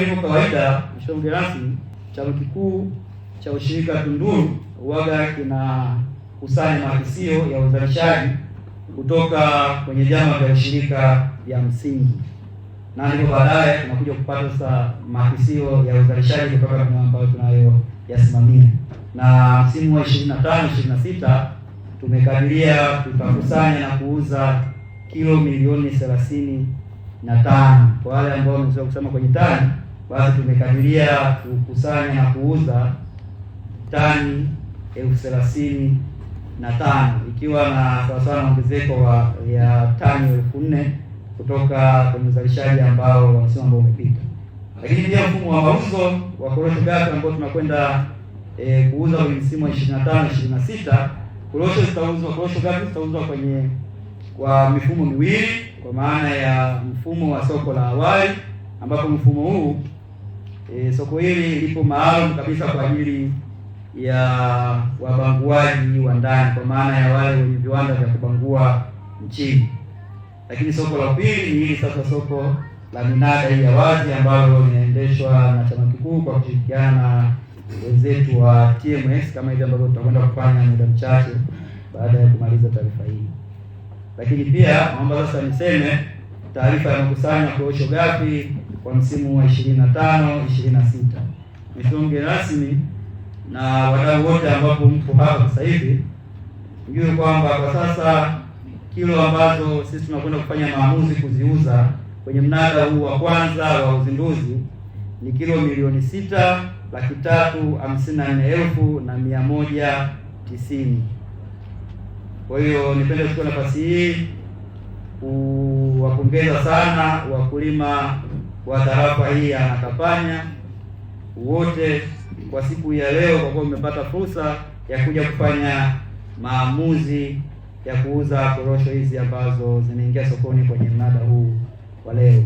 Hivyo kawaida, mshonge rasmi, chama kikuu cha ushirika Tunduru kina kinakusanya makisio ya uzalishaji kutoka kwenye vyama vya ushirika vya msingi, na ndipo baadaye tunakuja kupata sasa makisio ya uzalishaji kutoka vyama ambayo tunayoyasimamia, na msimu wa 25 26 tumekadiria tutakusanya na kuuza kilo milioni thelathini na tani. Kwa wale ambao wamezoea kusema kwenye tani, basi tumekadiria kukusanya na kuuza tani elfu thelathini na tano ikiwa na sawasawa na ongezeko ya tani elfu nne kutoka kwenye uzalishaji ambao wamesema ambao umepita, lakini pia mfumo wa mauzo wa korosho ghafi ambao tunakwenda e, kuuza kwenye msimu wa 25 26 korosho zitauzwa, korosho ghafi zitauzwa kwenye kwa mifumo miwili kwa maana ya mfumo wa soko la awali, ambapo mfumo huu e, soko hili lipo maalum kabisa kwa ajili ya wabanguaji wa ndani, kwa maana ya wale wenye viwanda vya kubangua nchini. Lakini soko la pili ni hili sasa, soko la minada hii ya wazi ambalo linaendeshwa na chama kikuu kwa kushirikiana na wenzetu wa TMS kama hivi ambavyo tutakwenda kufanya muda mchache baada ya kumaliza taarifa hii. Lakini pia naomba sasa niseme taarifa ya makusanyo korosho ghafi kwa msimu wa 25 26. mgeni rasmi na wadau wote ambapo mko hapa sasa hivi mjue kwamba kwa sasa kilo ambazo sisi tunakwenda kufanya maamuzi kuziuza kwenye mnada huu wa kwanza wa uzinduzi ni kilo milioni sita laki tatu hamsini na nne elfu na mia moja tisini. Kwa hiyo nipende kuchukua nafasi hii kuwapongeza sana wakulima wa tarafa hii ya Nakapanya wote kwa siku ya leo, kwa kuwa mmepata fursa ya kuja kufanya maamuzi ya kuuza korosho hizi ambazo zinaingia sokoni kwenye mnada huu wa leo.